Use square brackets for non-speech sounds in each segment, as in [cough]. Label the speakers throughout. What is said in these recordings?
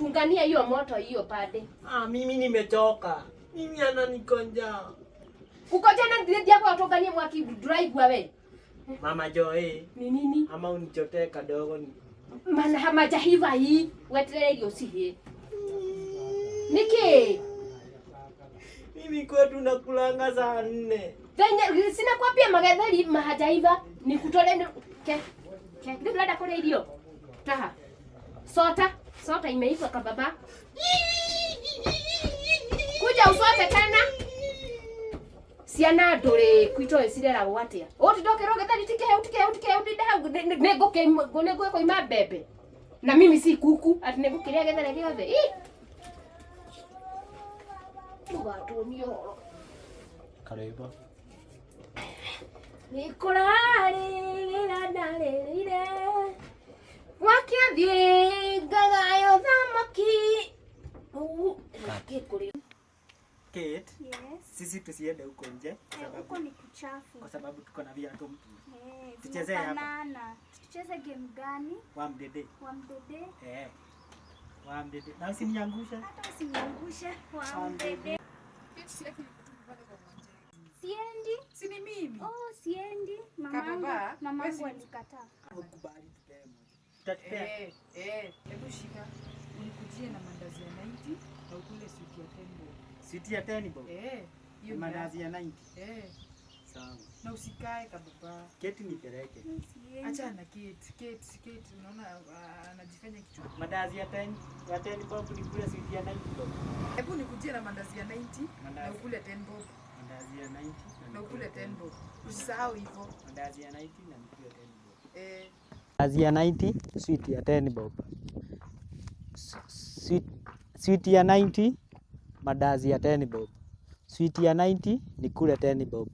Speaker 1: Chungania hiyo moto hiyo pade.
Speaker 2: Ah, mimi nimechoka. Mimi ananikonja.
Speaker 1: Kukojana grade yako atokanie mwaki drive wewe.
Speaker 2: Mama Joe. Ni nini? Ama unichotee kadogo ni.
Speaker 1: Maana hamaja hiva hii wetere hiyo si hii. Niki.
Speaker 2: Mimi kwetu nakulanga saa nne.
Speaker 1: Venye sina kwapia magadhari mahajaiva nikutole ke. Ke, ndio blada kule ilio. Taha. Sota. Sota imeitwa kwa baba. Kuja usote tena. Ciana ndure kwitwo cirera gwatia. Utitoke roge tani tike hau utike hau tike hau ndinde hau nego ke nego ko ima bebe. Na mimi si kuku ati nego kiria gethere giothe. Ii. Mugatu ni oro. Kareba. ni rira ndarerire. Wakĩathiĩ ngagayo thamaki.
Speaker 2: Kate, yes. Sisi tusiende huko nje
Speaker 3: eh, huko ni kuchafu,
Speaker 2: kwa sababu tuko na viatu mtu.
Speaker 3: Yes, eh, tucheze hapa. Tucheze game gani? Wa mdede. Wa mdede.
Speaker 2: Eh. Wa mdede. Na usiniangushe.
Speaker 3: Hata usiniangushe. Wa mdede. Siendi.
Speaker 2: Si ni mimi.
Speaker 3: Oh, siendi. Mamangu, mamangu alikataa. Hakubali
Speaker 2: tupee moja utatupea eh, eh. Hebu shika unikujie na mandazi ya 90 na ukule switi ya 10 bob. Switi ya 10 bob eh, hiyo mandazi ya 90 eh. Sawa, na usikae kababa. Keti nipeleke. Acha na keti, keti, keti. Unaona ah, anajifanya kitu. Mandazi ya 10 ya 10 bob nikule switi ya 90 bob. Hebu nikujie na mandazi ya 90 na ukule 10 bob. Mandazi ya 90 na ukule 10 bob. Usisahau hivyo. Mandazi ya 90 na nikule 10 bob. Eh. Kazi ya 90, sweet ya 10 bob. Sweet, sweet ya 90, madazi ya 10 bob. Sweet ya 90 ni kule 10 bob.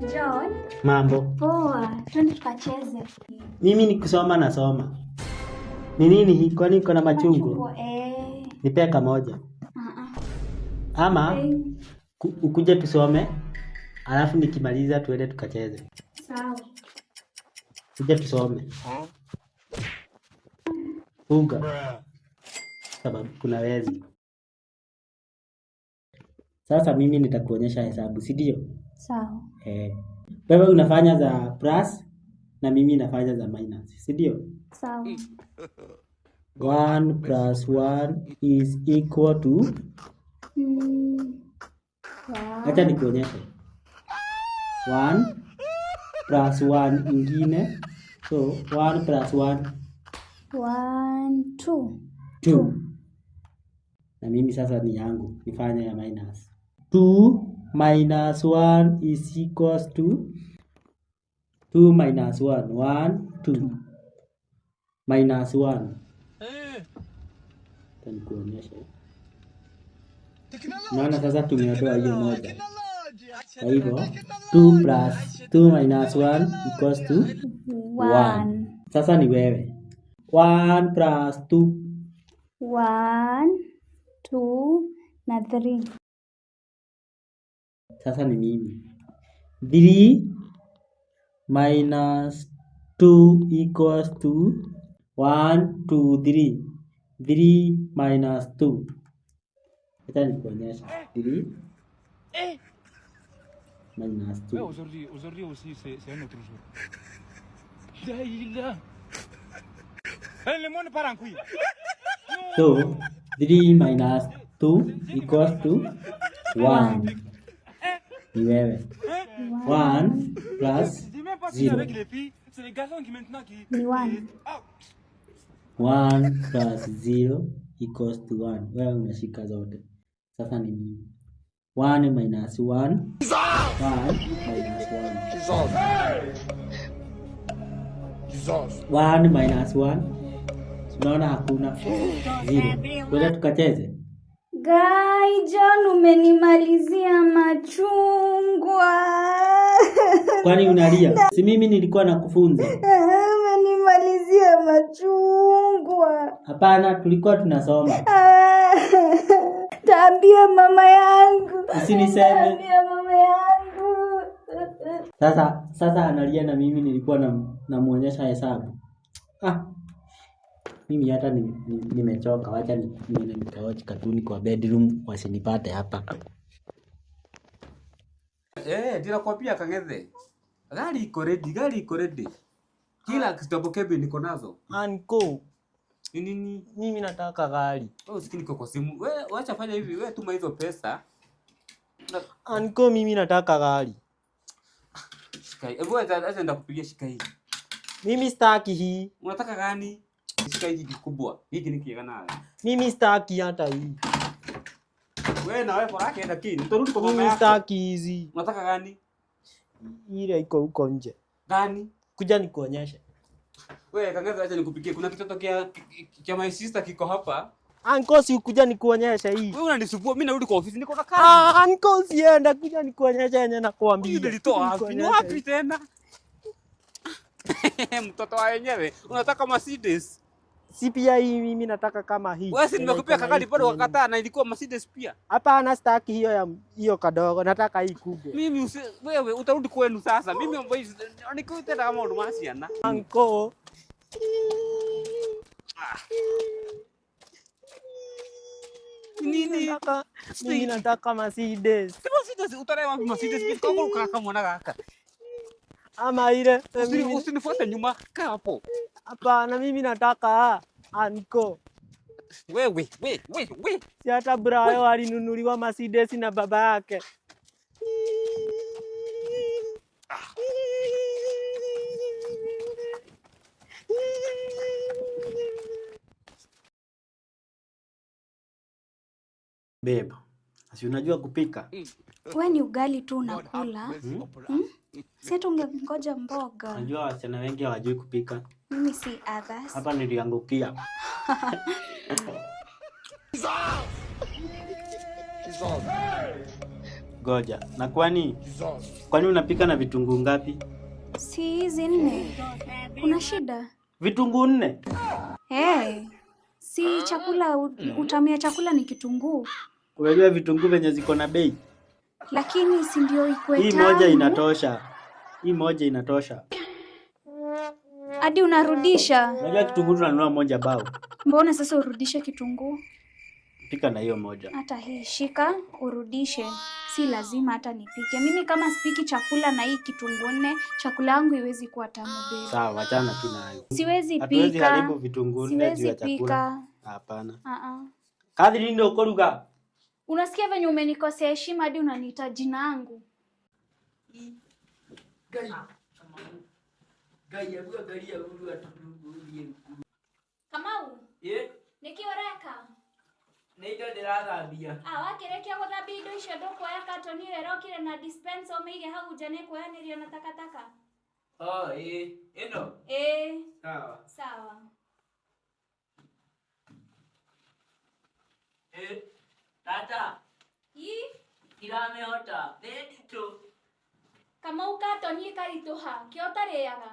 Speaker 2: John. Mambo.
Speaker 3: Poa, twende tukacheze.
Speaker 2: Mimi ni kusoma na soma. Ni nini hii? Kwani iko na machungu? moja
Speaker 3: eh.
Speaker 2: Nipea kamoja. Uh-uh. Ama ukuje tusome, alafu nikimaliza tuende tukacheze. Sawa. Sija tusome funga sababu kuna wezi. Sasa mimi nitakuonyesha hesabu, si ndio? Eh. wewe unafanya za plus na mimi nafanya za minus, si ndio? plus one is equal to hmm. acha nikuonyeshe one plus 1 ingine, so 1 plus 1
Speaker 3: 1 2 2.
Speaker 2: Na mimi sasa ni yangu nifanye ya minus 2 minus 1 is equals to 2 minus 1 1 2 minus 1 eh. Naona sasa tumeondoa hiyo moja, kwa hivyo 2 plus 2 minus 1 equals to 1. Sasa ni wewe. 1 plus 2.
Speaker 3: 1, 2 na 3.
Speaker 2: Sasa ni mimi. 3 minus 2 equals to 1, 2, 3. 3 minus 2. ni nikuonyesha. 3 minus 2. Ouais, aujourd'hui, aujourd'hui aussi, c'est un autre jour. Le monde part en couille. So, 3 minus 2 equals to 1. 1 plus 0. C'est les garçons
Speaker 3: qui maintenant qui... 1.
Speaker 2: plus 0 equals to 1. Wewe unashika zote. Sasa ni nini? 1 minus 1 1 minus 1 1 minus 1 unaona hakuna 0. Kwenda tukacheze.
Speaker 3: Gai John, umenimalizia machungwa.
Speaker 2: Kwani unalia? Si mimi nilikuwa nakufunza.
Speaker 3: Umenimalizia machungwa.
Speaker 2: Hapana, tulikuwa tunasoma
Speaker 3: usiniambie mama yangu.
Speaker 2: Usiniseme.
Speaker 3: mama yangu.
Speaker 2: Sasa sasa analia na mimi nilikuwa na namuonyesha hesabu. Ah. Mimi hata nimechoka, ni, ni wacha niende nikaoche katuni kwa bedroom wasinipate hapa. Eh, ndira kopia kangethe. Gari iko ready, gari iko ready. Kila kitabu kebe niko nazo.
Speaker 4: Anko. Ah, ni nini? Mimi nataka gari.
Speaker 2: Wewe usikini kwa simu. Wewe acha fanya hivi, wewe tuma hizo pesa.
Speaker 4: Anko ah, mimi nataka gari.
Speaker 2: Shikai. Hebu acha enda kupigia shikai.
Speaker 4: Mimi sitaki hii.
Speaker 2: Unataka gani? Shikai hii kubwa. Hiki ni kiega nayo.
Speaker 4: Mimi sitaki hata hii.
Speaker 2: Wewe na wewe kwa yake lakini utarudi kwa mama yako. Mimi
Speaker 4: sitaki hizi.
Speaker 2: Unataka gani?
Speaker 4: Ile iko huko nje. Gani? Kuja nikuonyeshe.
Speaker 2: Wewe kangaza acha nikupikie. Kuna kitoto kia kia my sister kiko hapa.
Speaker 4: Uncle, si kuja nikuonyesha hii.
Speaker 2: Wewe unanisumbua, mimi narudi kwa ofisi niko na kazi.
Speaker 4: Ah, uncle, sienda kuja nikuonyesha yenye nakwambia.
Speaker 2: Yule litoa wapi? Ni wapi tena? [laughs] Mtoto wa yenyewe. unataka Mercedes.
Speaker 4: Si pia hii mimi nataka kama hii.
Speaker 2: Wewe si nimekupia kakali bado ukakataa na ilikuwa Mercedes pia.
Speaker 4: Hapana, sitaki hiyo ya hiyo kadogo, nataka hii kubwa.
Speaker 2: Mimi wewe utarudi kwenu sasa. Mimi mambo hizi nikuita kama udumasi ana.
Speaker 4: Anko. Nini? Nataka, Mimi nataka Mercedes.
Speaker 2: Sio Mercedes, utare wapi Mercedes Kwa koko kama mwana kaka.
Speaker 4: Ama ile.
Speaker 2: Usinifuate nyuma, kapo. hapo
Speaker 4: na mimi nataka anko.
Speaker 2: Wewe, we, we.
Speaker 4: Si hata Brayo alinunuliwa Mercedes na baba yake.
Speaker 2: Beba, si unajua kupika?
Speaker 5: We ni ugali tu unakula. Hmm? Hmm? Si hata mboga.
Speaker 2: Unajua wasichana wengi hawajui kupika.
Speaker 5: Mimi si Abbas.
Speaker 2: Hapa niliangukia. Goja. Na kwani? Kwani unapika na vitunguu ngapi?
Speaker 5: Si hizi nne. Kuna shida?
Speaker 2: Vitunguu nne?
Speaker 5: Hey, si chakula utamia chakula ni kitunguu.
Speaker 2: Unajua vitunguu venye ziko na bei.
Speaker 5: Lakini si ndio iko tamu.
Speaker 2: Hii moja inatosha. Hii moja inatosha
Speaker 5: hadi unarudisha.
Speaker 2: Unajua kitunguu tunanunua moja bao.
Speaker 5: Mbona sasa urudishe kitunguu?
Speaker 2: Pika na hiyo moja.
Speaker 5: Hata hii shika, urudishe. Si lazima hata nipike. Mimi kama sipiki chakula na hii kitunguu nne, chakula yangu iwezi kuwa tamu bila.
Speaker 2: Sawa, wachana tu nayo.
Speaker 5: Siwezi pika. Hatuwezi
Speaker 2: haribu vitunguu nne juu ya chakula. Hapana. Ah ah. Kadri ndio koruga?
Speaker 5: Unasikia venye umenikosea heshima hadi unanita jina langu. Mm. Ngai aguangaria uru aturugurie nguru Kamau ĩ nĩkĩ ũreka
Speaker 2: nĩ indo ndĩrathambia
Speaker 5: ah wakĩrĩkia gũthambia indo icio ndũkuoya katoni ĩrĩa ĩrokire na dispenser ũmĩige hau nja nĩkuoyanĩrio na takataka
Speaker 2: oh ĩ ĩno ĩ sawa sawa ĩ tata i ndiramĩhota nĩ nditũ
Speaker 5: Kamau katoni ĩkaritũha kĩ ũtarĩaga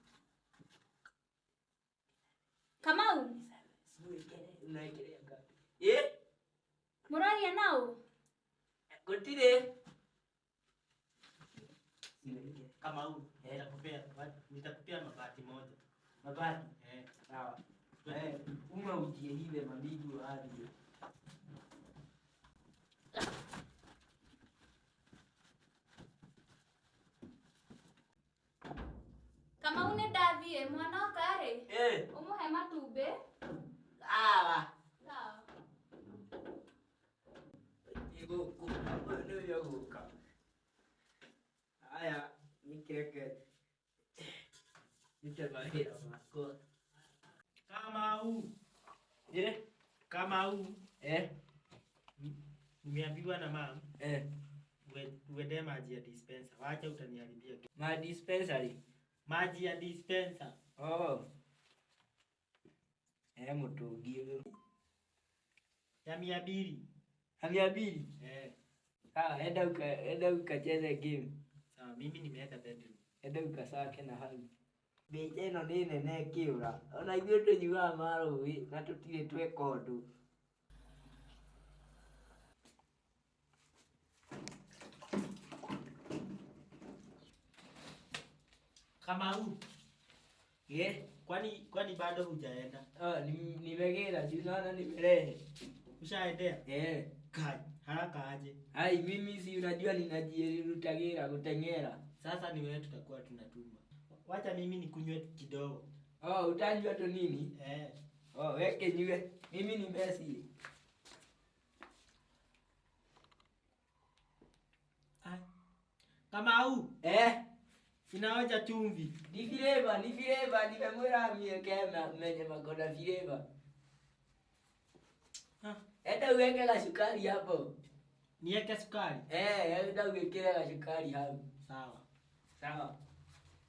Speaker 5: Kamau. Eh? Muraria nao?
Speaker 2: Kamau. Eh, nakupea. Nitakupea mabati moja. Mabati? Eh, sawa. Eh, uma ujie hile mabibi wa hali.
Speaker 5: Kamau ne dathie eh, mwana ĩ ũmũhe
Speaker 2: awa igũkũma nĩũrĩa aya nikireke nite mawĩra kamau njĩre kamau eh Umeambiwa na mam eh, uende maji ya dispenser. Wacha utaniharibia. Ma dispensary, maji ya dispenser. Oh. Eh, mutungi uyu. Ya mia mbili. Ya mia mbili? Eh. Sawa, enda uka enda uka cheze game. Sawa, mimi nimeenda bedroom. Enda uka ukasake na hali. Beje no ni nene kiura. Ona tu tujuwa maro wi na tutile twe kodu. Kama huu. Ye, Kwani kwani bado hujaenda? Ah, nimegera juu naona nimerehe. Ushaendea? Eh. Kai, haraka aje. Hai mimi si unajua ninajirutagira kutengera. Sasa ni wewe tutakuwa tunatuma. Wacha mimi nikunywe kidogo. Oh, utanywa tu nini? Eh. Oh, weke nywe. Mimi ni mbesi. Ai. Eh. Inaoja chumvi. Ni vileva, ni vileva, nimemwira miekema mwenye makona vileva. Ah. Eta uweke la sukari hapo. Niweke sukari? Eh, eta uwekele la sukari hapo. Sawa. Sawa.